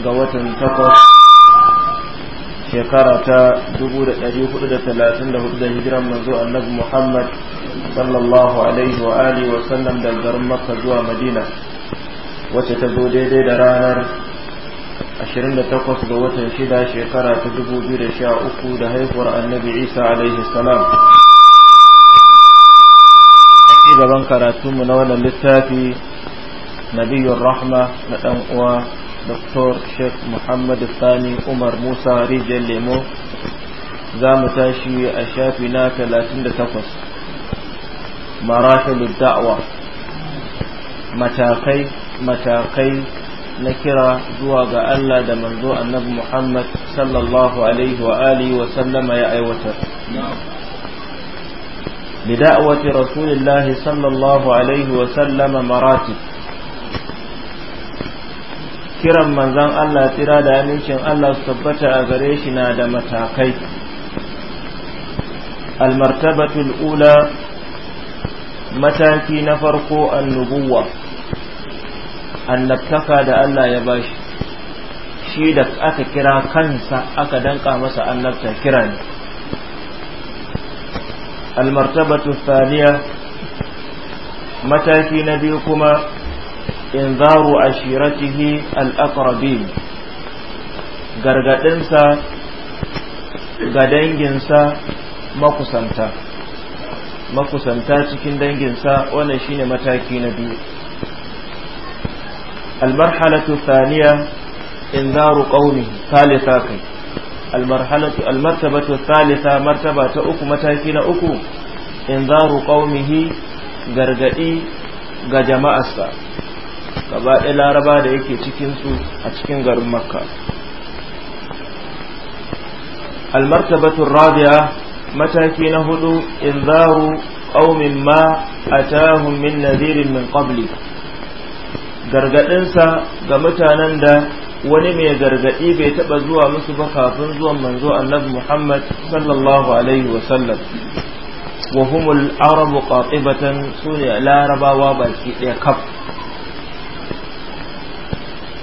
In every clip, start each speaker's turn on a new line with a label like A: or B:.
A: ga watan takwas shekara ta 1434 da hijiran manzo annabi Muhammad sallallahu alaihi wa alihi wa sallam da garin Makka zuwa Madina wacce ta zo daidai da ranar 28 ga watan 6 shekara ta 2013 da haihuwar annabi Isa alaihi salam gaban karatunmu na wannan littafi nabiyun rahma na ɗan uwa Dr. Sheikh Muhammadu Sani Umar Musa Rijal Lemo zamu mu tashi a shafi na 38 marakalin da'awa matakai matakai na kira zuwa ga Allah da manzo annabi Muhammad sallallahu alaihi wa alihi wa sallama ya aiwatar da'awati rasulillahi sallallahu alaihi wa sallama maratib kiran manzon Allah tsira da amincin Allah su tabbata a gare shi na da matakai almartabatul ula mataki na farko annubuwa annabtaka da Allah ya bashi shi da aka kira kansa aka danka masa annabta kira ne almartabatu thaniya mataki na biyu kuma inzaru ashiratihi al-aqrabin gargadinsa ga danginsa makusanta makusanta cikin danginsa wannan shine mataki na biyu almarhalatu thaniya inzaru qaumi Salisa kai almarhalatu almartabatu Salisa martaba ta uku mataki na uku inzaru qaumihi gargadi ga jama'arsa gaba ɗaya laraba da yake cikinsu a cikin garin makka almartabatun rabia mataki na hudu in zaru ƙaumin ma a tahun min nazirin min ƙabli gargaɗinsa ga mutanen da wani mai gargaɗi bai taɓa zuwa musu ba kafin zuwan manzo annabi muhammad sallallahu alaihi wasallam wa humul arabu qatibatan sune larabawa baki ɗaya kaf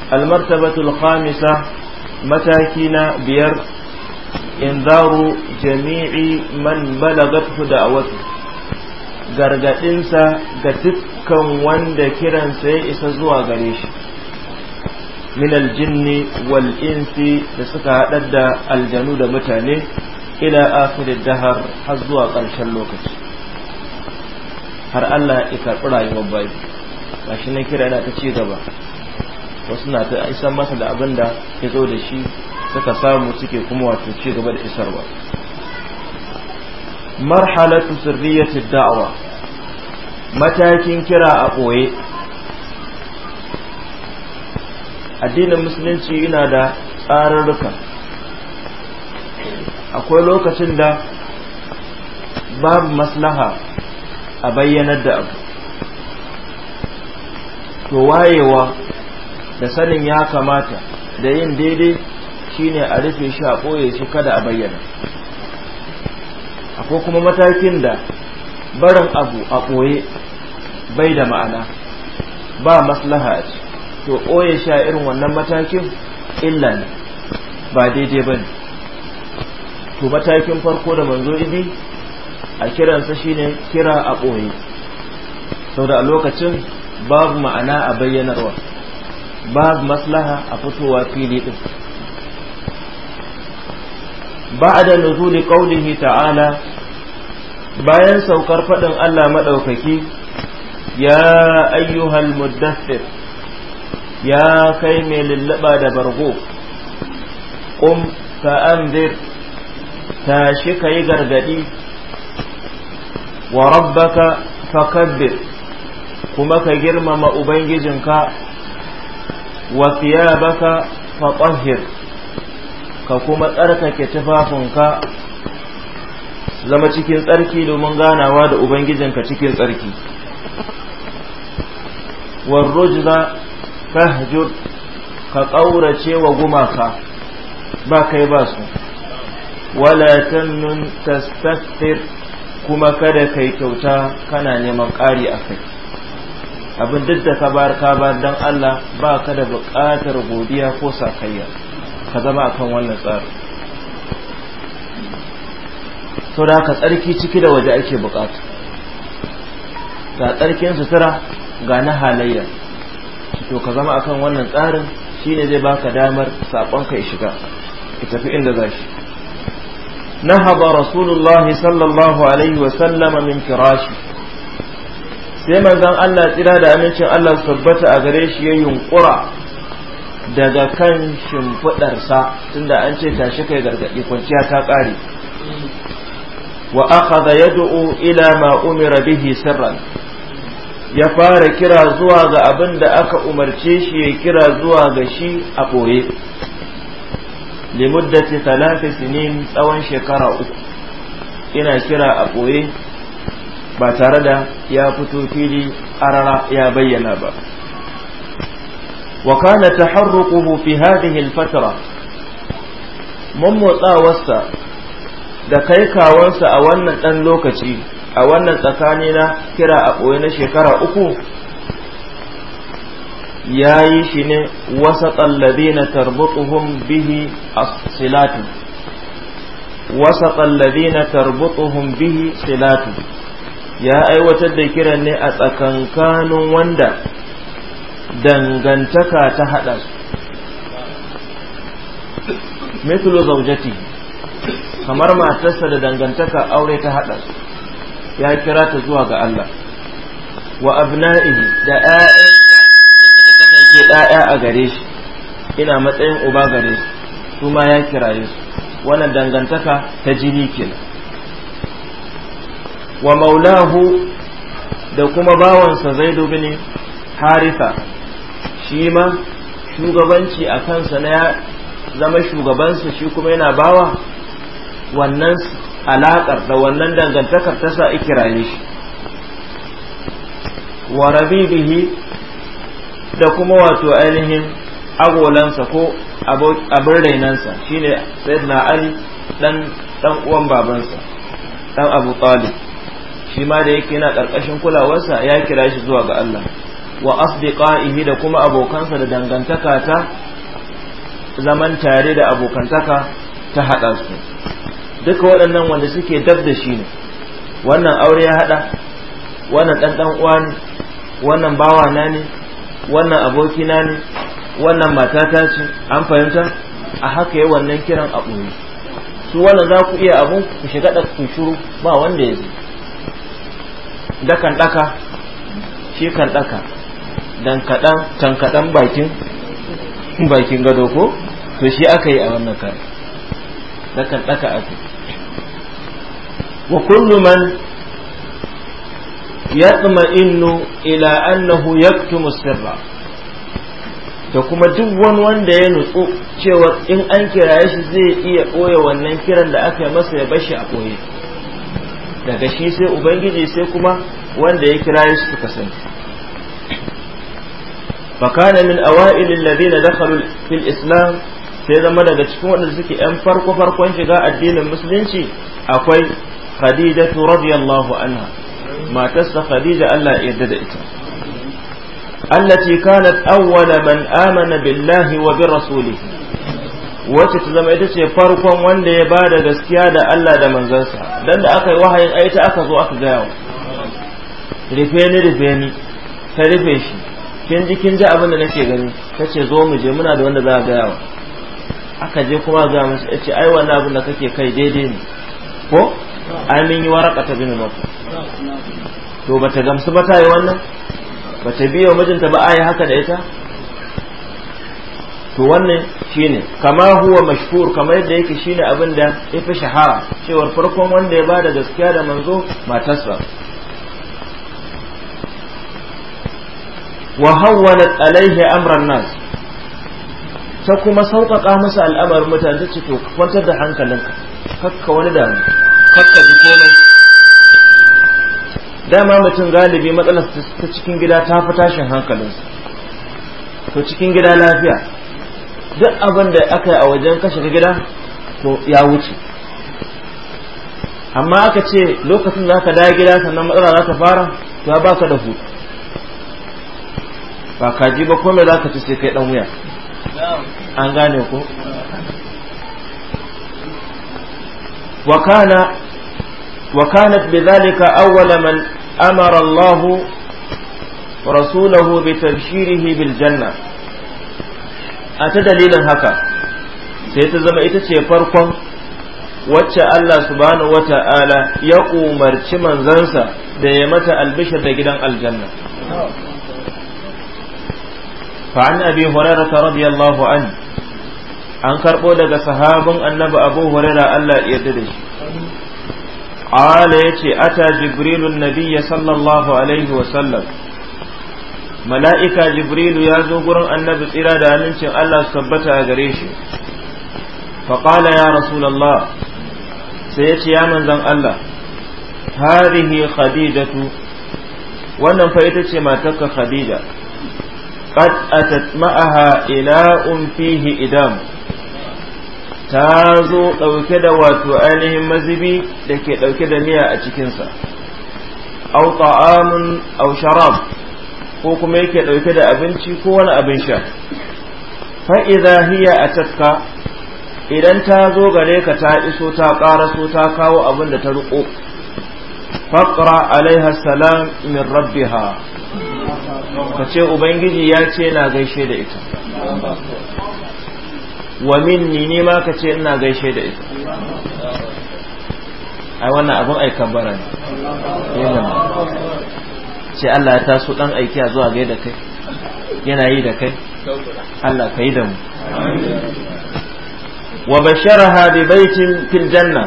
A: almartabatul khamisa mataki na biyar in zaru jami'i man a wasu gargadinsa ga dukkan wanda kiransa ya isa zuwa gare shi min aljinni wal da suka haɗar da aljanu da mutane ila akhirid dahar har zuwa ƙarshen lokaci har Allah ya karɓi rayuwar bayi shi na kira na ta ci gaba wasu na ta isa masa da abin da ya zo da shi suka samu suke kuma wato ci gaba da isarwa marhalatu sirriyatid da'wa matakin kira a ɓoye addinin musulunci yana da tsararruka akwai lokacin da babu maslaha a bayyanar da abu to wayewa da sanin ya kamata da yin daidai shine a rufe shi a ɓoye shi kada a bayyana akwai kuma matakin da barin abu a ɓoye bai da ma'ana ba maslaha to ɓoye shi a irin wannan matakin illa ne ba daidai ba ne to matakin farko da manzo ibi a kiransa shine kira a ɓoye sau da a lokacin babu ma'ana a bayyanarwa babu maslaha a fitowa fili din ba'da nuzuli qawlihi ta'ala bayan saukar fadin Allah madaukaki ya ayyuhal mudaththir ya kai mai lullaba da bargo ƙum ka anzir tashi ka yi gargaɗi wa rabbaka fakabbir kuma ka girmama ubangijinka wa fa fatahhir ka kuma tsarkake ka zama cikin tsarki domin ganawa da ubangijinka cikin tsarki warrujza fahjur ka ƙaurace wa gumaka ba kai ba su wala tannun kuma kada kai kyauta kana neman ƙari a kai abin duk da ka bayar ka bayar don Allah ba ka da buƙatar godiya ko sakayya ka zama a kan wannan tsari sau da haka tsarki ciki da waje ake buƙata ga tsarkin sutura ga na halayya to ka zama a kan wannan tsarin shi ne zai baka damar saƙonka ya shiga ka tafi inda za shi نهض رسول الله صلى الله عليه وسلم من فراشه sai manzon Allah tsira da amincin Allah su tabbata a gare shi ya yunkura daga kan shimfiɗarsa tunda an ce tashi kai gargaɗi kwanciya ta ƙare wa akhadha yad'u ila ma umira bihi sirran ya fara kira zuwa ga abin da aka umarce shi ya kira zuwa ga shi a ɓoye limuddati talata sinin tsawon shekara uku ina kira a ɓoye ba tare da ya fito fili arara ya bayyana ba wa kana taharruquhu fi hadhihi al-fatra mummotsawarsa da kai kawansa a wannan dan lokaci a wannan tsakani na kira a ɓoye na shekara uku ya yi shi ne wasa tsallabi na tarbutuhun bihi a silatu wasa tsallabi na tarbutuhun bihi ya aiwatar da kiran ne a tsakankanin wanda dangantaka ta haɗa su mithlu zaujati kamar matarsa da dangantaka aure ta haɗa su ya kira ta zuwa ga Allah wa abna'ihi da ƴaƴansa da suka kasance ɗaya a gare shi ina matsayin uba gare shi su ma ya kiraye su wannan dangantaka ta jini kenan wa maulahu da kuma bawansa zaidu bin shi ma shugabanci a kansa na ya zama shugabansa shi kuma yana bawa wannan alaƙar da wannan dangantakar ta sa ikiraye shi wa rabibihi da kuma wato ainihin agolansa ko abin rainansa shine sayyidina ali dan dan uwan babansa dan abu talib shi ma da yake yana ƙarƙashin kulawarsa ya kira shi zuwa ga Allah wa asdiqaihi da kuma abokansa da dangantaka ta zaman tare da abokantaka ta haɗa su duka waɗannan wanda suke dab da shi ne wannan aure ya haɗa wannan ɗanɗan uwa ne wannan bawa na ne wannan aboki na ne wannan matata ce an fahimta a haka yi wannan kiran a ɓoye su wannan za ku iya abun ku shiga da ku shiru ba wanda ya zai dakan daka shi kan daka dan kadan kan kadan bakin bakin gado ko to shi aka yi a wannan kar dakan daka aka wa kullu man innu ila annahu yaktumu sirra da kuma duk wani wanda ya nutsu cewa in an kiraye shi zai iya ɓoye wannan kiran da aka yi masa ya bashi a ɓoye daga shi sai ubangiji sai kuma wanda ya kira su suka sani fakana min awa'il alladhina dakhalu fil islam sai zama daga cikin waɗanda suke yan farko farkon shiga addinin musulunci akwai khadija radiyallahu anha matarsa khadija Allah ya yarda da ita allati kanat awwala man amana billahi wa bi rasulihi wacce ta zama ita ce farkon wanda ya ba da gaskiya da Allah da manzansa dan da aka yi wahayin a ita aka zo aka gaya rufe ni rufe ni ta rufe shi kin ji kin ji abin da nake gani kace zo mu je muna da wanda za a gaya wa aka je kuma ga masa ce ai wannan abin da kake kai daidai ne ko amin yi waraka ta bin mako to bata gamsu ba ta yi wannan bata biyo mijinta ba a yi haka da ita to wannan shine kama huwa mashhur kama yadda yake shine abin da ya fi shahara cewar farkon wanda ya bada gaskiya da manzo matarsa wa hawwalat alaihi amran nas ta kuma sauƙaƙa masa al'amar mutane ce to kwantar da hankalinka kakka wani damu kakka ji komai dama mutum galibi matsalar ta cikin gida ta fi tashin hankalinsa to cikin gida lafiya duk abin da aka yi a wajen kashe gida to ya wuce amma aka ce lokacin da aka dawo gida sannan matsala za ta fara to ya ka da hutu ba kaji ba kome za ka ci sai kai dan wuya an gane ku. وكان وكانت بذلك أول من أمر الله ورسوله بتبشيره بالجنة a ta dalilin haka sai ta zama ita ce farkon wacce Allah subhanahu wata'ala ya umarci manzansa da ya mata albishar da gidan aljanna فعن أبي هريرة رضي الله عنه an karɓo daga sahabin annabi abu huraira Allah ya yarda da shi qala yace ata jibrilun nabiyya sallallahu alaihi wa sallam mala'ika jibrilu ya zo gurin annabi tsira da amincin Allah su tabbata a gare shi faƙala ya rasulallah sai ya ce ya manzan Allah harihi khadijatu wannan fa ita ce matarka khadija qad atat ma'aha ila'un fihi idam ta zo ɗauke da wato ainihin mazibi da ke ɗauke da miya a cikinsa au ta'amun au sharab ko kuma yake ɗauke da abinci ko wani abin sha fa'iza hiya a tafka idan ta zo gare ka ta iso ta ƙaraso ta kawo abin da ta riƙo faƙra alaiha salam min rabbiha ka ce ubangiji ya ce na gaishe da ita wa minni ne ma ka ce ina gaishe da ita ai wannan abin aikan bara ne ce Allah ya taso dan aiki a zuwa da kai yana yi da kai Allah ka yi da mu wa basharaha bi baitin fil janna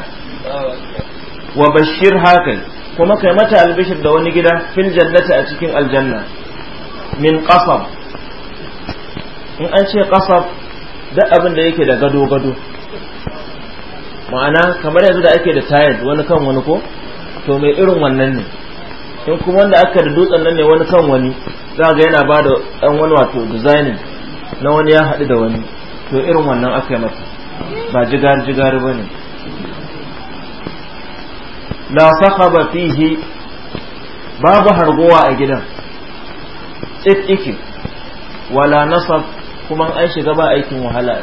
A: wa bashir haka kuma kai mata albishir da wani gida fil jannati a cikin aljanna min qasab in an ce qasab da abin da yake da gado gado ma'ana kamar yanzu da ake da tayar wani kan wani ko to mai irin wannan ne sai kuma wanda aka da dutsen nan ne wani kan wani za ga yana ba da ɗan wani wato designing na wani ya haɗu da wani to irin wannan aka yi mata ba jigar jigar ba ne la sahaba fihi babu hargowa a gidan tsit wala nasab kuma an shiga ba aikin wahala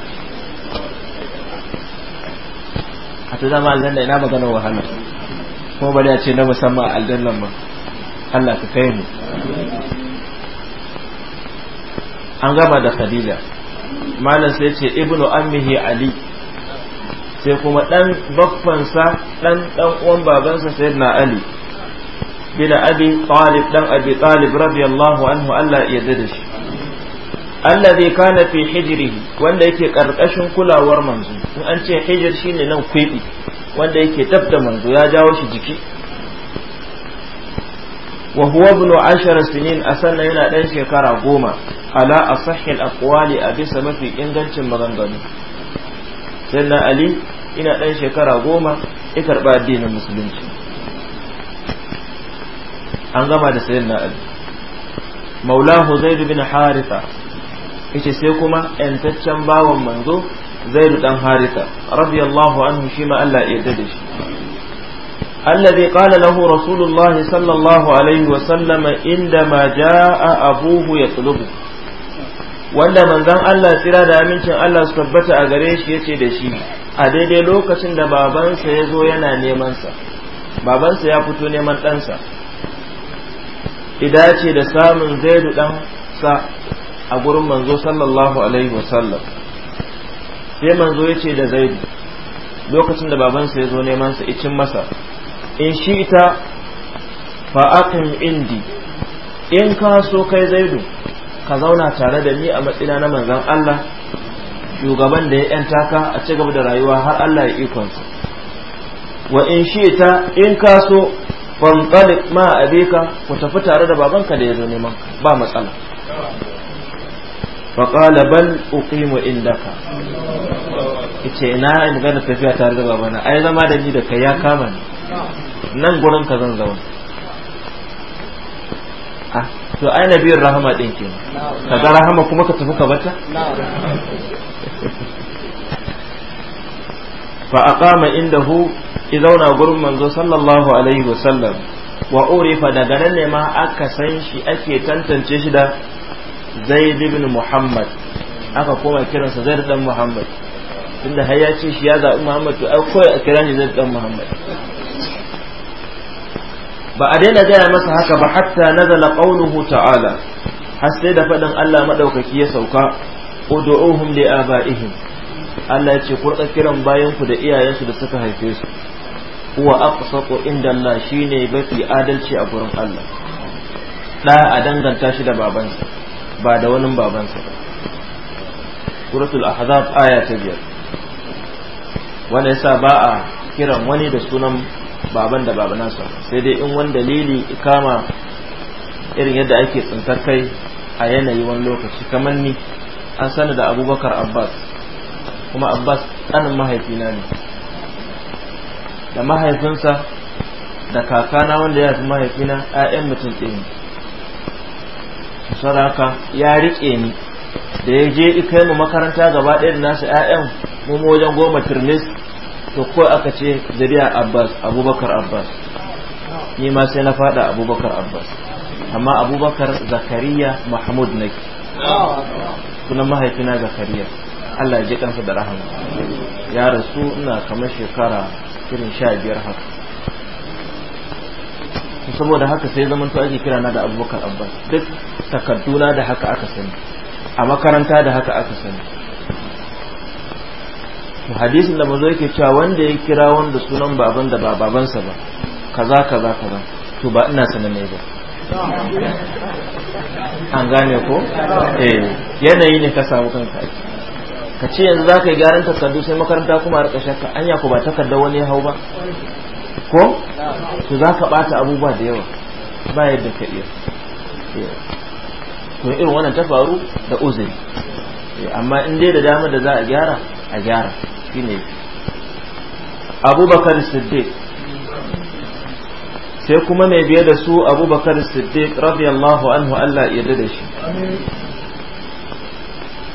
A: a ta zama aljanna ina maganar wahala kuma bari a ce na musamman a aljannan ba Allah ta kai mu an gama da khadija malam sai ce ibnu ammihi ali sai kuma dan baffansa dan dan uwan babansa sayyidina ali bin abi talib dan abi talib radiyallahu anhu Allah ya yarda da shi alladhi kana fi hijrihi wanda yake karkashin kulawar manzo in an ce hijir shine nan kwebi wanda yake tabda manzo ya jawo shi jiki wa huwa ibn ashara sinin a sannan yana ɗan shekara goma ala asahhil aqwali a bisa mafi ingancin maganganu sannan ali ina ɗan shekara goma ya karɓa addinin musulunci an gama da sayyidina ali maulahu zaidu bin haritha yace sai kuma yantaccen bawan manzo zaidu dan haritha radiyallahu anhu shi ma Allah ya yarda da shi الذي قال له رسول الله صلى الله عليه وسلم عندما جاء أبوه يطلبه wanda manzon Allah tsira da amincin Allah su tabbata a gare shi yace da shi a daidai lokacin da babansa ya zo yana neman sa babansa ya fito neman ɗansa ida ce da samun zaidu ɗan sa a gurin manzo sallallahu alaihi wasallam sai manzo yace da zaidu lokacin da babansa ya zo neman sa icin masa in eh, shi ita fa'aƙin indi in ka so kai zaidu ka zauna tare da ni a matsina na manzan Allah shugaban da ya ‘yanta ka a ci gaba da rayuwa har Allah ya ikonsa wa in shi ita in ka so fantsalik ma a ka ku tafi tare da babanka da ya zo neman ba matsala faƙala bal uqimu indaka ice ina in gana tafiya tare da babana ai zama da ni da kai ya kama ni nan gurin ka zan zama. a ah, to ai biyar rahama din ke ka ga rahama kuma ka tafi ka bata fa aqama indahu izauna gurin manzo sallallahu alaihi wasallam wa urifa daga nan ne ma aka san shi ake tantance shi da zaid ibn muhammad aka koma kiransa zaid dan muhammad tunda har ya ce shi ya zaɓi muhammad to ai kawai a kira shi zaid dan muhammad ba a daina gaya masa haka ba hatta nazala ƙaunuhu ta'ala har sai da fadin Allah madaukaki ya sauka ud'uuhum li aba'ihim Allah ya ce ku kiran bayan ku da iyayensu da suka haife su huwa aqsatu inda Allah shine bafi adalci a gurin Allah da a danganta shi da babansa ba da wani babansa suratul ahzab aya ta biyar wanda yasa ba a kiran wani da sunan baban da babana sai dai in wani dalili ikama irin yadda ake tsintar kai a yanayi wani lokaci kamar ni an sani da abubakar abbas kuma abbas ɗanin mahaifina ne da mahaifinsa da kakana wanda ya fi mahaifina 'ya'yan mutum ɗin saraka ya riƙe ni da ya je ikai mu makaranta gaba ɗaya da nasu 'ya'yan mu wajen goma turmis to ko aka ce zuriya abbas abubakar abbas ni ma sai na fada abubakar abbas amma abubakar zakariya mahmud nake sunan mahaifina zakariya allah ji kansa da rahama ya rasu ina kamar shekara irin sha biyar haka saboda haka sai zaman to ake kira na da abubakar abbas duk takarduna da haka aka sani a makaranta da haka aka sani to hadisin da mazo yake cewa wanda ya kira wanda sunan baban da ba babansa ba kaza kaza kaza to ba ina sanin ne ba
B: an gane ko eh
A: yanayi ne ka samu kanka ka ce yanzu za ka yi gyaran takardu sai makaranta kuma rika shakka anya ko ba takarda wani ya hau ba ko to za ka bata abubuwa da yawa ba yadda ka iya eh, to irin wannan ta faru da uzuri eh, amma in dai da dama da za a gyara a gyara shine abubakar siddiq sai kuma mai biye da su abubakar siddiq radiyallahu anhu Allah ya da shi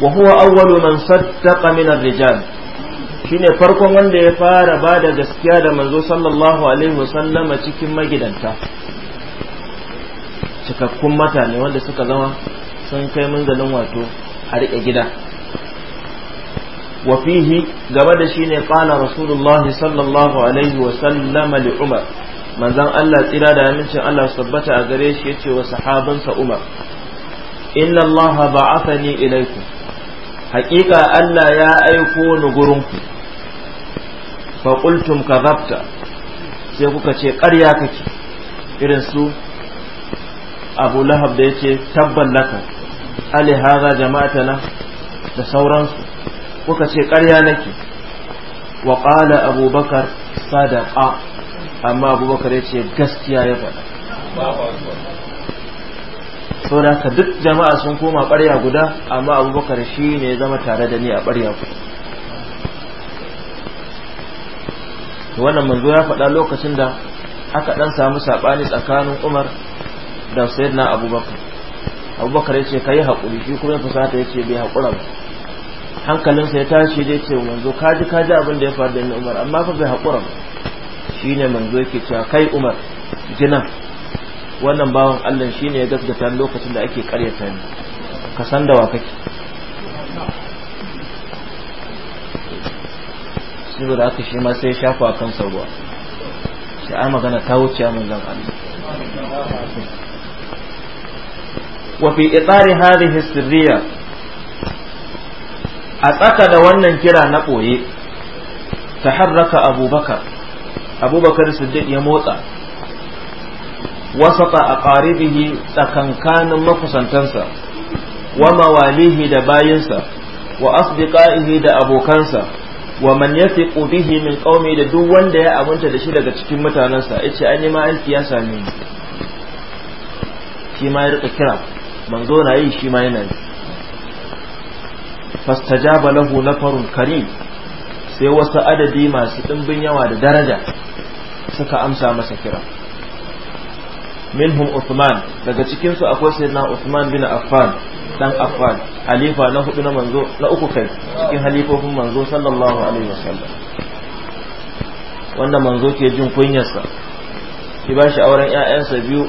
A: wa huwa awwalu man saddaqa min ar-rijal shine farkon wanda ya fara ba da gaskiya da manzo sallallahu alaihi wasallam cikin magidanta cikakkun mutane wanda suka zama sun kai munzalin wato a riƙe gida وفيه جمد شين قال رسول الله صلى الله عليه وسلم لعمر من ذا الله تلا من الله ثبت أغريش يتي وصحابا عمر إن الله بعثني إليكم حقيقة ألا يا أيكون قرنكم فقلتم كذبت سيقولك شيء قرياك إرنسو أبو لهب ديتي تبا لك ألي هذا جماعتنا da sauransu kuka ce ƙarya nake wa ƙala abubakar sadaqa amma abubakar ya ce gaskiya ya faɗa sau da ka duk jama'a sun koma ƙarya guda amma abubakar shi ne ya zama tare da ni a ɓarya guda wannan manzo ya faɗa lokacin da aka ɗan samu saɓani tsakanin umar da na abubakar abubakar ya ce ka yi haƙuri shi kuma ya fusata ya ce bai haƙura ba hankalinsa ya tashi da ce manzo kaji kaji abin da ya faru da ni umar amma fa bai haƙura ba shine manzo yake cewa kai umar jina wannan bawan allah shine ya gaskata lokacin da ake karyata ni ka san da wa kake saboda aka shi ma sai ya shafa kan sabuwa. shi a magana ta wuce manzan allah wa fi itsari hadhihi sirriya a tsaka da wannan kira na ɓoye ta harraka abubakar abubakar siddiq ya motsa wasata a ƙaribihi tsakankanin makusantansa wa mawalihi da bayinsa wa asdiqaihi da abokansa wa man fi bihi min qaumi da duk wanda ya aminta da shi daga cikin mutanansa yace an yi ma aiki ya same ni shi ma ya rika kira manzo na yi shi ma yana yi fastajaba lahu nafarun karim sai wasu adadi masu ɗimbin yawa da daraja suka amsa masa kira minhum Uthman daga cikinsu akwai sayyidina Uthman bin Affan dan Affan halifa na hudu na manzo na uku kai cikin halifofin manzo sallallahu alaihi wasallam wanda manzo ke jin kunyarsa ki bashi auren ƴaƴansa biyu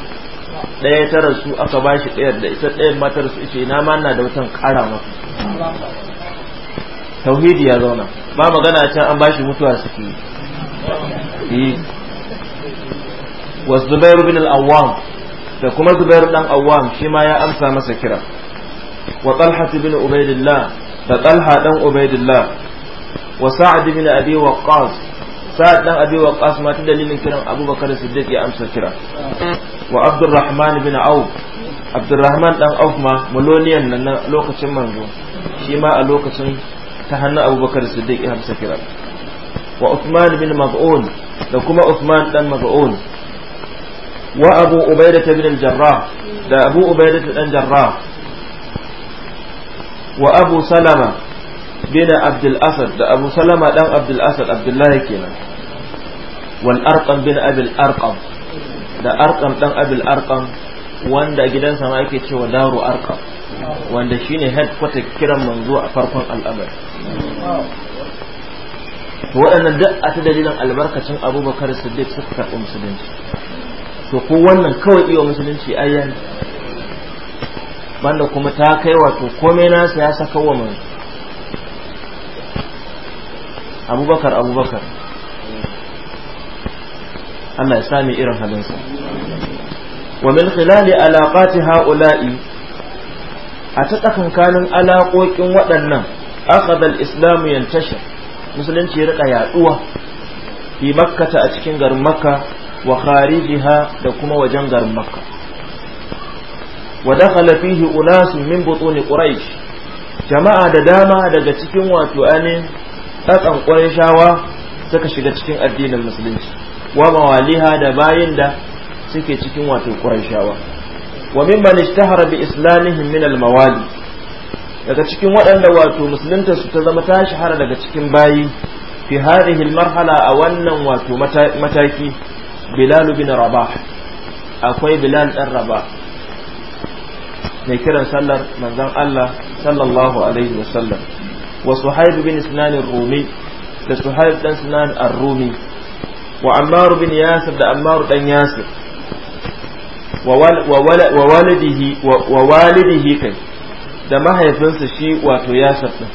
A: ɗaya ta rasu aka ba shi ɗayar da isa ɗayan matar su ce na ma da wutan ƙara maka tauhidi ya zauna ba magana can an ba shi mutuwa suke yi wa zubairu bin al-awwam da kuma zubairu dan awwam shi ma ya amsa masa kira wa talha bin ubaidillah da talha ɗan ubaidillah wa sa'ad bin abi waqqas sa'ad dan abi waqas ta dalilin kiran abubakar siddiq ya amsa kira wa abdurrahman bin auf abdurrahman dan auf ma maloniyan nan na lokacin manzo shi ma a lokacin ta hannun abubakar siddiq ya amsa kira wa Usman bin maz'un da kuma Usman dan maz'un wa abu ubaida bin al-jarrah da abu ubaida dan jarrah wa abu salama bin abdul asad da abu salama dan abdul asad abdullahi kenan wal arqam bin abil arqam da arqam dan abil arqam wanda gidansa ma yake cewa daru arqam wanda shine headquarter kiran manzo a farkon al'amari waɗannan duk a ta dalilin albarkacin abubakar siddiq suka karɓi musulunci to ko wannan kawai iya musulunci ayyan banda kuma ta kai wato komai nasa ya saka wa manzo abubakar abubakar Allah ya sami irin halinsa wa min khilali alaqati haula'i a ta tsakankanin alaƙoƙin waɗannan akadal islamu yantashar musulunci ya riƙa yaɗuwa fi makkata a cikin garin makka wa kharijiha da kuma wajen garin makka wa dakhala fihi unasun min butuni quraish jama'a da dama daga cikin wato ainihin tsatsan ƙwarishawa suka shiga cikin addinin musulunci wa mawaliha da bayin da suke cikin wato ƙwarishawa wa mimman ishtahara bi islamihim min al-mawali daga cikin waɗanda wato musulunta su ta zama ta shahara daga cikin bayi fi hadhihi al-marhala a wannan wato mataki Bilal bin raba akwai Bilal dan raba. mai kiran sallar manzon Allah sallallahu alaihi wasallam wa suhaib bin sinan rumi da suhaib dan sinan ar-rumi wa ammar bin yasir da ammar dan yasir wa walidihi wa walidihi kai da mahaifinsa shi wato yasir din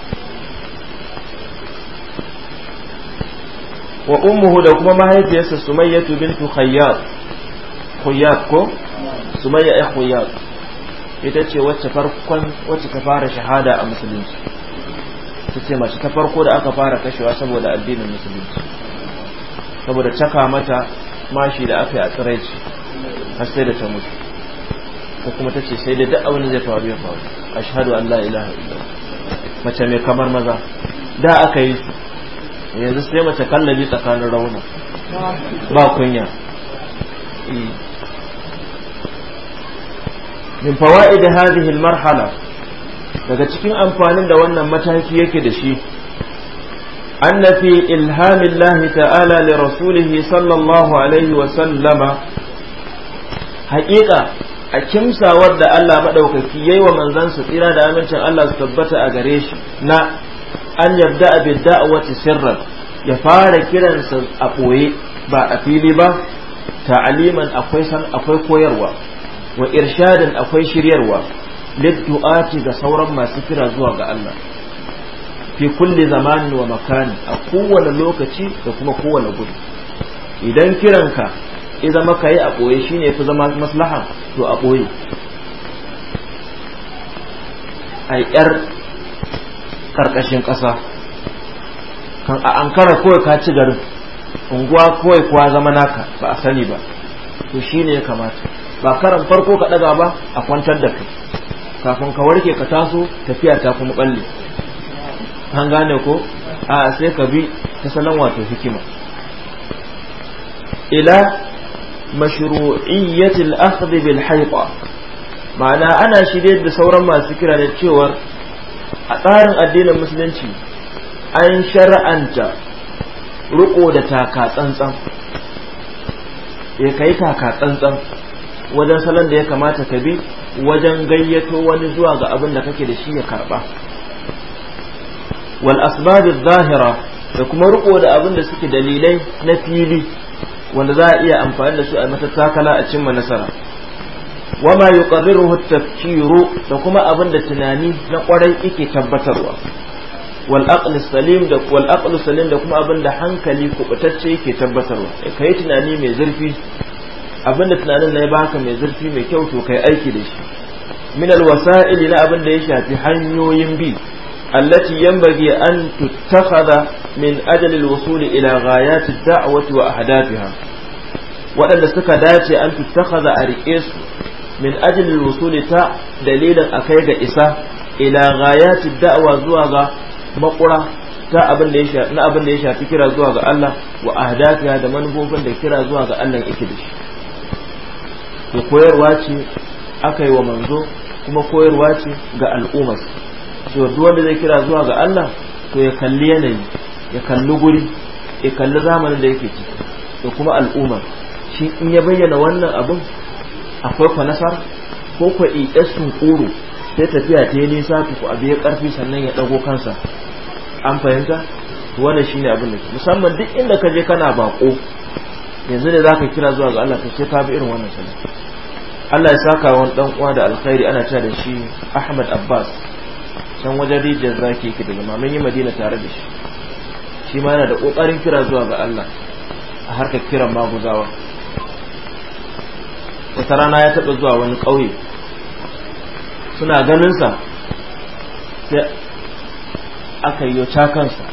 A: wa ummuhu da kuma mahaifiyarsa sumayyatu bintu khayyat khayyat ko sumayya ai eh, khayyat ita ce wacce farkon wacce ta fara shahada a musulunci ta ce mace ta farko da aka fara kashewa saboda addinin musulunci saboda caka mata mashi da aka yi a tsiraici har sai da ta mutu ko kuma ta ce sai da duk abin zai faru ya faru a an allah ilaha mace mai kamar maza da aka yi yanzu sai mace kallabi tsakanin rauna ba kunya eh. min fawaid hadhihi al-marhala daga cikin amfanin da wannan mataki yake da shi أن في إلهام الله تعالى لرسوله صلى الله عليه وسلم حقيقة أكمسا ود الله مدوك كيي ومن ذنس إلى دامنة الله استبت أغريش نا أن يبدأ بالدعوة سرا يفار كيران أقوي با أفيلي با تعليما أقويسا أقوي كويروا وإرشادا أقوي شريروا liddu'ati ga sauran masu kira zuwa ga Allah fi kulli zamanin wa makani a kowane lokaci da kuma kowane gudu idan kiran ka zama ka yi a ɓoye shine ya fi zama maslaha to a ɓoye a yar ƙarƙashin ƙasa kan a ankara kawai ka ci garin unguwa kawai kuwa zama naka ba a sani ba to shine ya kamata ba karan farko ka ɗaga ba a kwantar da kai kafin ka warke ka taso tafiya ta kuma balle an gane ko a sai ka bi ta salon wato hikima ila mashru'iyyatil akhdh bil hayqa ma'ana ana shirye da sauran masu kira da cewar a tsarin addinin musulunci an shar'anta riko da taka tsantsan ya eh, kai taka tsantsan wajen salon da ya kamata ka bi wajen gayyato wani zuwa ga abin da kake da shi ya karba wal asbabiz zahira da kuma riko da abin da suke dalilai na fili wanda za a iya amfani da su a matattakala a cimma nasara wama yuqarriruhu at-tafkiru da kuma abin da tunani na kwarai yake tabbatarwa wal aql salim da wal aql salim da kuma abin da hankali kubutacce yake tabbatarwa kai tunani mai zurfi abinda tunanin na ya baka mai zurfi mai kyau to kai aiki da shi min alwasa'ili na abin da ya shafi hanyoyin bi allati yanbaghi an tuttakhadha min ajli alwusul ila ghayati ad-da'wati wa ahdafiha waɗanda suka dace an tuttakhadha a rike su min ajli alwusul ta dalilin akai ga isa ila ghayati ad-da'wa zuwa ga makura ta abin ya shafi na abin da ya shafi kira zuwa ga Allah wa ahdafiha da manufofin da kira zuwa ga Allah yake da shi to koyarwa ce aka yi wa manzo kuma koyarwa ce ga al'ummas to duk wanda zai kira zuwa ga Allah to ya kalli yanayi ya kalli guri ya kalli zamanin da yake ciki da kuma al'umma shi in ya bayyana wannan abin akwai kwa nasar ko kwa sun kuro sai tafiya ta yi nisa ku abu karfi sannan ya dago kansa an fahimta wannan shine abin da musamman duk inda ka je kana bako yanzu ne zaka kira zuwa ga Allah to sai ka bi irin wannan sallah Allah ya saka wani dan uwa da alkhairi ana cewa da shi Ahmad Abbas can wajen rijiyar zaki yake da zama mun yi Madina tare da shi shi ma yana da kokarin kira zuwa ga Allah a harkar kiran maguzawa wata rana ya taɓa zuwa wani ƙauye suna ganinsa sai aka yi cakansa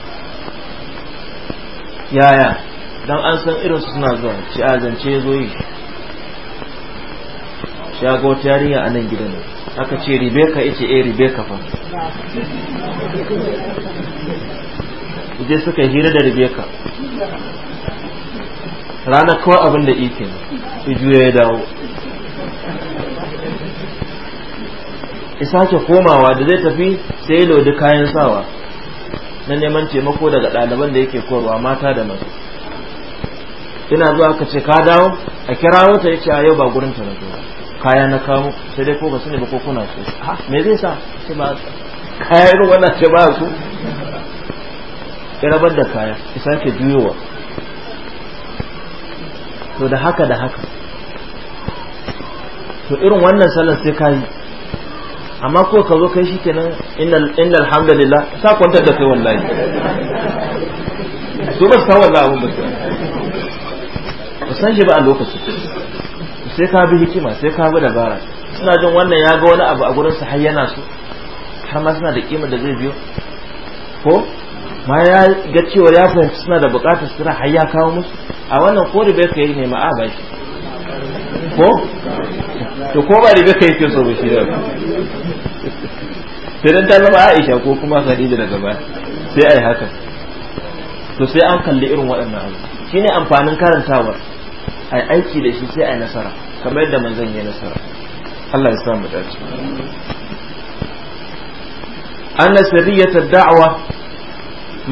A: yaya don an san irinsu suna zuwa ci a zance ya zo yi shago tariya a nan gidan aka ce ribeka ita eh ribeka fa je suka hira da ribeka rana kawai abin da ike su juya ya dawo Isake komawa da zai tafi sai lodi kayan sawa na neman taimako daga ɗaliban da yake korwa mata da masu ina zuwa ka ce ka dawo a kira wata ya ce a yau ba gurin ta na zuwa kaya na kamo sai dai ko ba su ne ba ko kuna su ha me zai sa sai ba kaya irin wannan ce ba su irabar da kaya ki sake juyowa to da haka da haka to irin wannan sallar sai kayi amma ko ka zo kai shi kenan inda alhamdulillah sa kwantar da kai wallahi
B: su ba su kawo wannan abin ba
A: su san shi ba a lokacin sai ka bi hikima sai ka bi dabara suna jin wannan ya ga wani abu a gurin sa har yana so har ma suna da kima da zai biyo ko ma ya ga cewa ya fahimci suna da bukatar sira har ya kawo musu a wannan ko ribe ka yi ne ma a bai ko
B: to ko ba ribe ka yi ke so ba shi da
A: sai dan ta zama Aisha ko kuma Khadija daga baya sai ai haka to sai an kalli irin waɗannan abu shine amfanin karantawar ai aiki da shi sai ai nasara kamar yadda manzon ya nasara Allah ya samu dace anna sirriyat ad-da'wa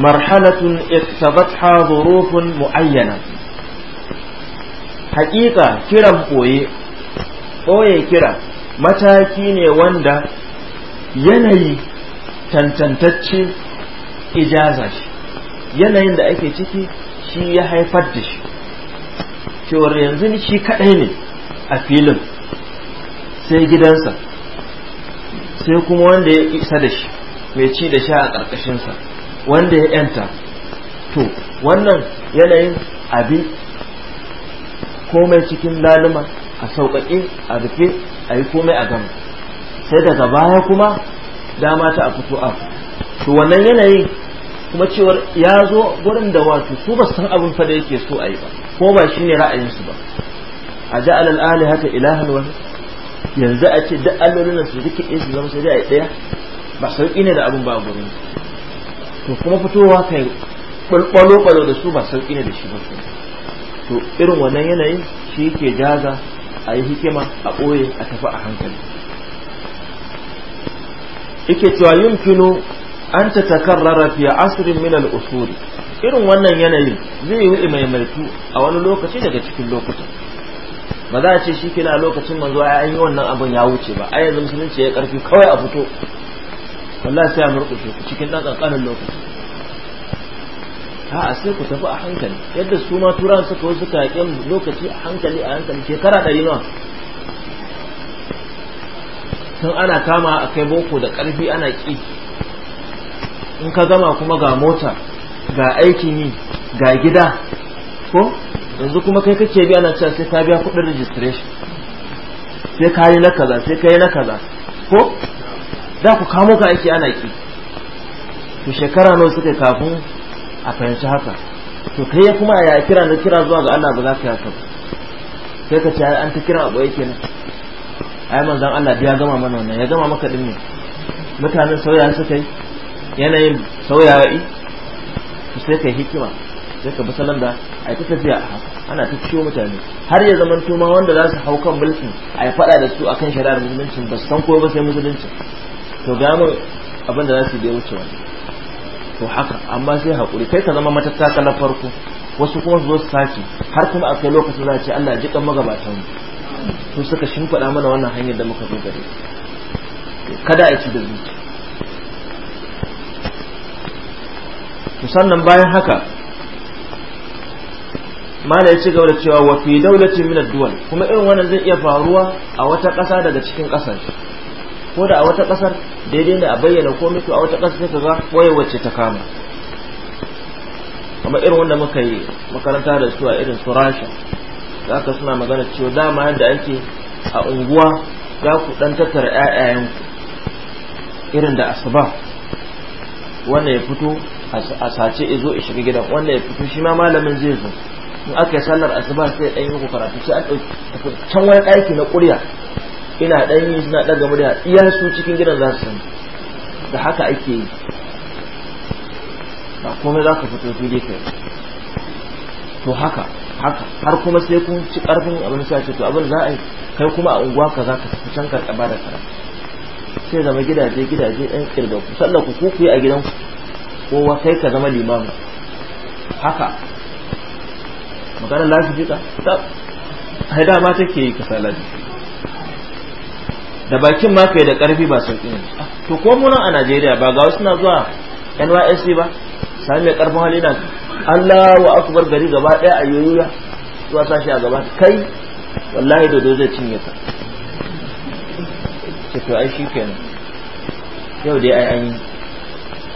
A: marhalatun iktabatha dhurufun muayyana haƙiƙa kiran koye koye kira mataki ne wanda yanayi tantantacce ijaza shi yanayin da ake ciki shi ya haifar da shi cewar yanzu shi kadai ne a filin sai gidansa sai kuma wanda ya isa da shi mai ci da sha a ƙarƙashinsa wanda ya yanta to wannan yanayin abin komai cikin laluma a sauƙaƙe a rufe a yi komai a gama sai daga baya kuma dama ta a fito a to wannan yanayin kuma cewar ya zo gurin da wato su basu san abin fa yake so a yi ba ko ba shi shine ra'ayinsu ba a ja'ala al'ali haka ilahan wani yanzu a ce duk allolin su duka su zama sai dai a ɗaya ba sauƙi ne da abin ba a gurin to kuma fitowa kai bulbulo balo da su ba sauƙi ne da shi ba to irin wannan yanayin shi ke jaza a yi hikima a ɓoye a tafi a hankali yake cewa kino an ta takarrara fi asrin minal minal usuri irin wannan yanayin zai yi maimaitu a wani lokaci daga cikin lokutan ba za a ce shi kina lokacin manzo ai an yi wannan abin ya wuce ba ai yanzu musulunci ya karfi kawai a fito wallahi sai a murƙushe ku cikin dan kankanin lokaci a sai ku tafi a hankali yadda su ma turan suka wasu suka lokaci a hankali a hankali shekara ɗari ma tun ana kama a kai boko da ƙarfi ana ƙi in ka gama kuma ga mota ga aikin yi ga gida ko yanzu kuma kai kake bi ana cewa sai ka biya kuɗin registration sai ka yi na kaza sai ka yi na kaza ko za ku kamo ka aiki ana ki to shekara nawa suka kafin a fahimci haka to kai ya kuma ya kira na kira zuwa ga Allah ba za ka yaka sai ka ce an ta kira abu yake nan ai manzon Allah ya gama mana wannan ya gama maka din ne mutanen sauya suka yi yanayin sauyawa yi sai yi hikima sai ka bi salon da a ta tafiya ana ta ciwo mutane har ya zaman tuma wanda za su hau kan mulkin a yi faɗa da su a kan shari'ar musulunci ba su san ko ba sai musulunci to ga mu abin da za su yi wucewa to haka amma sai haƙuri kai ka zama matattaka na farko wasu kuma su zo su sake har kuma a kai lokacin za a ce Allah ji kan mu su suka shimfiɗa mana wannan hanyar da muka zo gare kada a ci da zuci to sannan bayan haka mala ya ci gaba da cewa wa fi daulatin min ad-duwal kuma irin wannan zai iya faruwa a wata ƙasa daga cikin ƙasar ko da a wata ƙasar daidai da a bayyana ko mutu a wata ƙasar sai kaga boye wacce ta kama kamar irin wanda muka yi makaranta da su a irin su Rasha zaka suna magana cewa dama yadda ake a unguwa za ku dan tattara ƴaƴayen irin da asuba wannan ya fito a sace izo shiga gidan wannan ya fito shi ma malamin zai zo in aka yi sallar asuba sai ɗan yi karatu sai an ɗauki can wani ɗaki na ƙurya ina ɗan yi suna ɗaga murya iya su cikin gidan za su sani da haka ake yi ba komai za ka fito fili kai to haka haka har kuma sai kun ci ƙarfin abin sa ce to abin za a yi kai kuma a unguwa ka za ka fi can ka ba da karatu sai zama gidaje gidaje ɗan kirga ku sallar ku ku yi a gidanku kowa kai ka zama limamu haka magana lafi jika ta haida ma take yi kasala da bakin ma kai da karfi ba sauki ne to ko mu a Najeriya ba ga wasu na zuwa NYSC ba sai mai karfin hali na Allahu akbar gari gaba daya a yoyoya zuwa sashi a gaba kai wallahi dodo zai cinye ka ce to ai shikenan yau dai ai an yi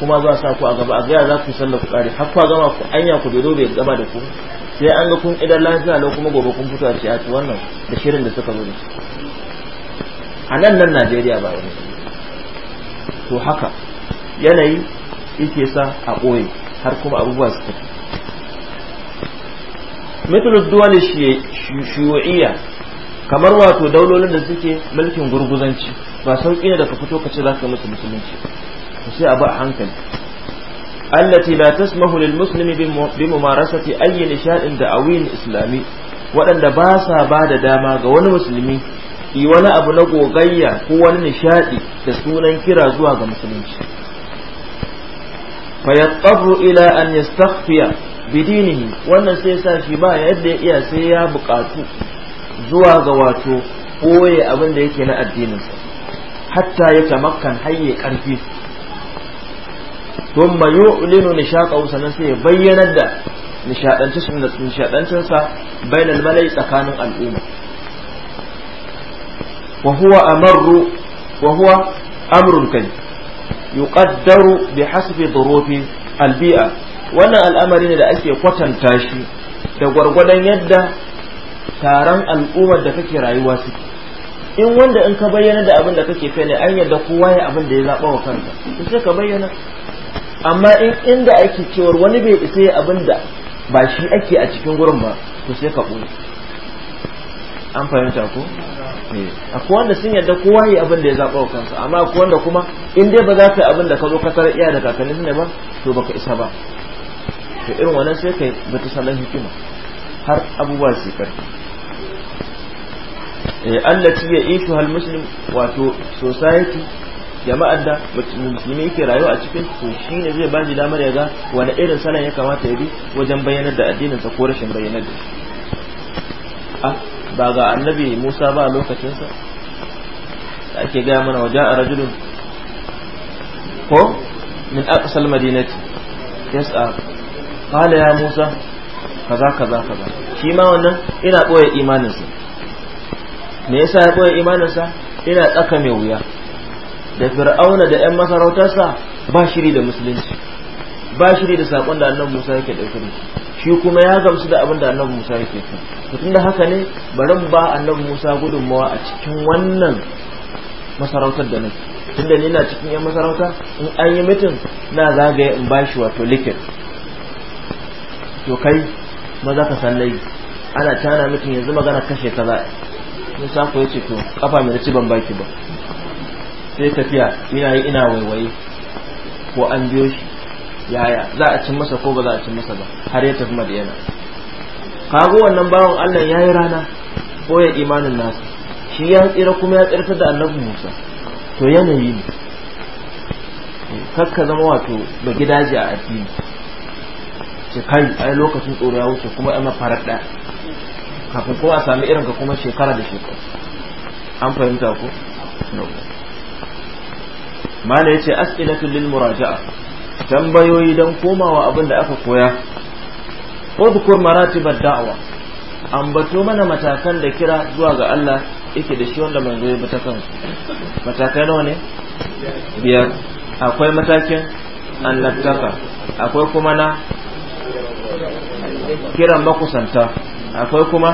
A: kuma za sa ku a gaba a gaya za ku sallar ku kare har ku gama ku anya ku dodo bai gaba da ku sai an ga kun idan lafiya lau kuma gobe kun fito a ce a ci wannan da shirin da suka zo a nan nan najeriya ba wani to haka yanayi yake sa a ɓoye har kuma abubuwa su tafi mitulus duwani shiwa'iyya kamar wato daulolin da suke mulkin gurguzanci ba sauƙi ne da ka fito ka ce za ka musu musulunci sai a ba a hankali allati la tasmahu lil muslimi bi mumarasati ayyi da da'awin islami waɗanda ba sa ba da dama ga wani musulmi yi wani abu na gogayya ko wani nishaɗi da sunan kira zuwa ga musulunci fa yattaru ila an yastakhfiya bidinihi wannan sai sa shi ba yadda ya iya sai ya buƙatu zuwa ga wato koye abin da yake na addininsa hatta ya tamakkan hayye ƙarfi sun ma yu'linu nishaqahu sannan sai ya bayyanar da nishaɗancinsa bai na malai tsakanin al'umma wa huwa amarru wa huwa amrun kai yuqaddaru bi hasbi albi'a wannan al'amari ne da ake kwatanta shi da gwargwadon yadda taron al'ummar da kake rayuwa suke in wanda in ka bayyana da abin da kake fene an yadda kowa ya abin da ya zaɓa wa kanka sai ka bayyana amma in inda ake cewar wani bai isa ya abin da ba shi ake a cikin gurin ba to sai ka ɓoye an fahimta ko eh, a wanda sun yadda kowa yi abin da ya zaɓa wa kansa amma a wanda kuma in dai ba za ka yi abin da ka zo ka tarar iya da kakannin ne ba to baka isa ba to irin wannan sai ka yi bata salon hikima har abubuwa su karfi eh, allati ya ishu hal muslim wato society jama'ar da musulmi yake rayuwa a cikin su ne zai bashi damar ya ga wani irin salon ya kamata ya bi wajen bayyanar da addininsa ko rashin bayyanar da a ah, ba ga annabi Musa ba lokacinsa da ake gaya mana waje a rajulun ko min aqsal madinati yas'a ah. qala ya Musa kaza kaza kaza shi ma wannan ina boye imaninsa me yasa ya boye imaninsa ina tsaka mai wuya da fir'auna da 'yan masarautarsa ba shiri da musulunci ba shiri da saƙon da annabi musa yake ɗauke da shi kuma ya gamsu da abin da annabi musa yake kai tun da haka ne bari mu ba annabi musa gudunmawa a cikin wannan masarautar da nake tunda ni na cikin 'yan masarauta in an yi mitin na zagaye in bashi wato likit to kai maza ka san lai ana tana mutum yanzu magana kashe kaza musa ko yace to kafa mai ci ban baki ba sai tafiya ina yi ina waiwaye ko an biyo shi yaya za a cin masa ko ba za a cin masa ba har ya tafi madiyana kago wannan bawan Allah ya yi rana ko ya imanin nasu shi ya tsira kuma ya tsirtar da annabi Musa to yanayi ne kakka zama wato ba gidaje a addini ce kai ai lokacin tsoro ya wuce kuma ana farar da kafin kuma a sami irin ka kuma shekara da shekara an fahimta ko mala yace as'ilatu lil muraja'a tambayoyi dan komawa abin da aka koya udhkur maratibat da'wa ambato mana matakan da kira zuwa ga Allah yake da shi wanda manzo ya bata kan matakan matakai nawa ne biyar akwai matakin annabtaka akwai kuma na kiran makusanta akwai kuma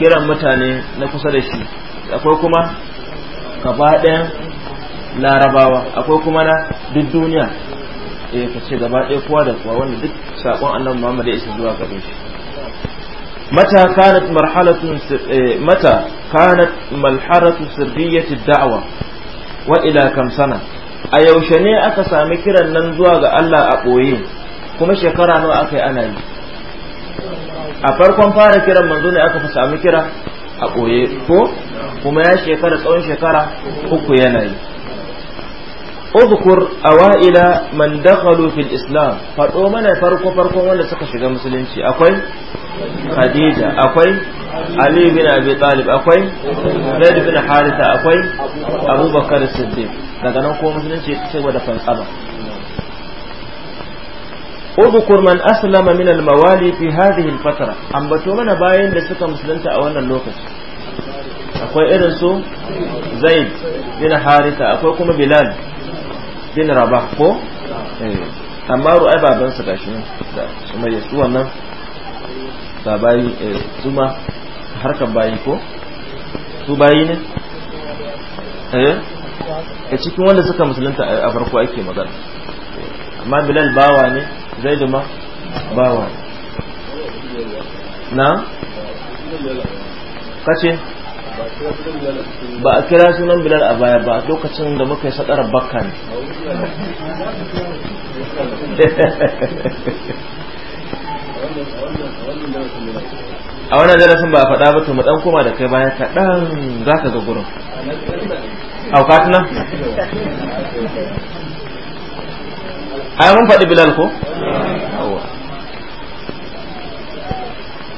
A: kiran mutane na kusa da shi akwai kuma gaba ɗayan larabawa akwai kuma na duk duniya eh ka ce gaba ɗaya kowa da kowa wanda duk sakon annabi Muhammad ya isa zuwa gare shi mata kanat marhalatu eh, mata kanat malharatu sirriyyati da'wa wa ila kam sana a yaushe ne aka sami kiran nan zuwa ga Allah a ɓoye kuma shekara nawa aka yi ana yi a farkon fara kiran manzo ne aka sami kira a ɓoye ko kuma ya shekara tsawon shekara uku yana yi اذكر اوائل من دخلوا في الاسلام فدو mana farko farko wanda suka shiga musulunci akwai Khadija akwai Ali bin Abi Talib akwai Zaid bin Haritha akwai Abubakar Bakar Siddiq daga nan ko musulunci ya cewa da fantsama اذكر من أسلم من الموالي في هذه الفترة أم بتومنا باين musulunta a wannan lokaci akwai irin su zaid bin harisa akwai kuma bilal bin rabah ko eh. amma ru'ai sa gashi ne da sumayya su wannan ba bayi eh, su ma harkar bayi ko su bayi ne eh a cikin wanda suka musulunta a farko ake magana amma bilal bawa ne zai da ma bawa na kace ba a kira sunan bilal a baya ba lokacin da muka yi sadarar bakka ne a wannan darasin ba a faɗa ba to mu dan koma da kai baya kaɗan za ka ga gurin
B: aukat nan yi mun faɗi bilal ko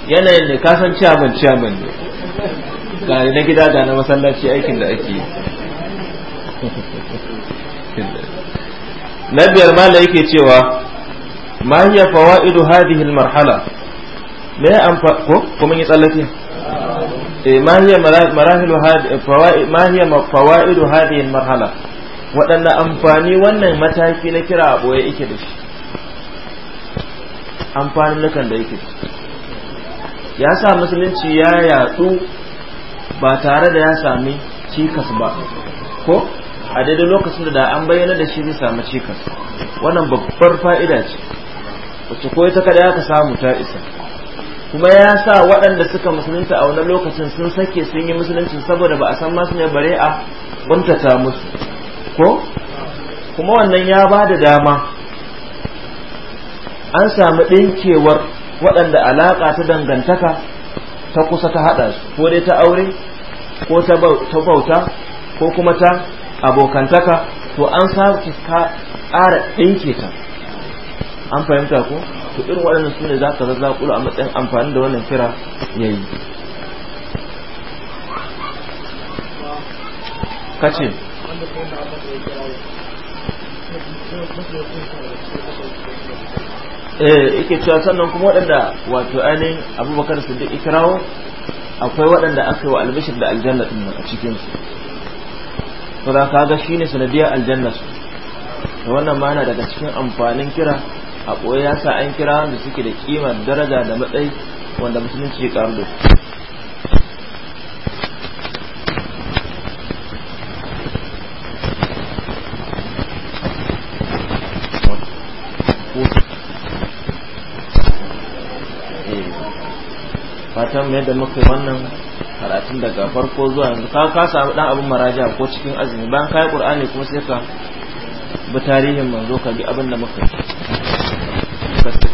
A: yanayin ne kasan ciyaman ciyaman ne ga na gida da na masallaci aikin da ake na biyar mala yake cewa ma hiya fawaidu hadhihi almarhala me amfa ko kuma yi tsallake eh ma hiya marahilu hadhihi fawaid ma hiya fawaidu hadhihi almarhala waɗanne amfani wannan mataki na kira abu ya yake da shi amfanin nukan da yake ya sa musulunci ya yatsu ba tare da ya sami cikas ba ko a daidai lokacin da an bayyana da shi zai sami cikas wannan babbar fa'ida ce wacce ko ita kada ka samu ta isa kuma ya sa waɗanda suka musulunta a wani lokacin sun sake sun yi musulunci saboda ba a san masu ne bare a buntata musu ko kuma wannan ya ba da dama an samu ɗinkewar waɗanda alaƙa ta dangantaka ta kusa ta haɗa su ko dai ta aure ko ta bauta ko kuma ta abokantaka to an sake ƙara ɗinke ta an fahimta ko to irin waɗannan su za ka kula a matsayin amfani da wannan kira ya yi kace Eh, yake cewa sannan kuma waɗanda wato ainihin abubakar su siddiq ikirawo akwai waɗanda aka yi wa albishir da aljanna ɗin a cikinsu to da ka ga shine sanadiyar aljanna su da wannan mana daga cikin amfanin kira a ɓoye ya sa an kira wanda suke da kimar daraja da matsayi wanda musulunci ya karu da su maimaita mai da muka wannan karatun daga farko zuwa yanzu ka ka samu dan abin maraja ko cikin azumi bayan kai qur'ani kuma sai ka bi tarihin manzo ka bi abin da muka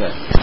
A: yi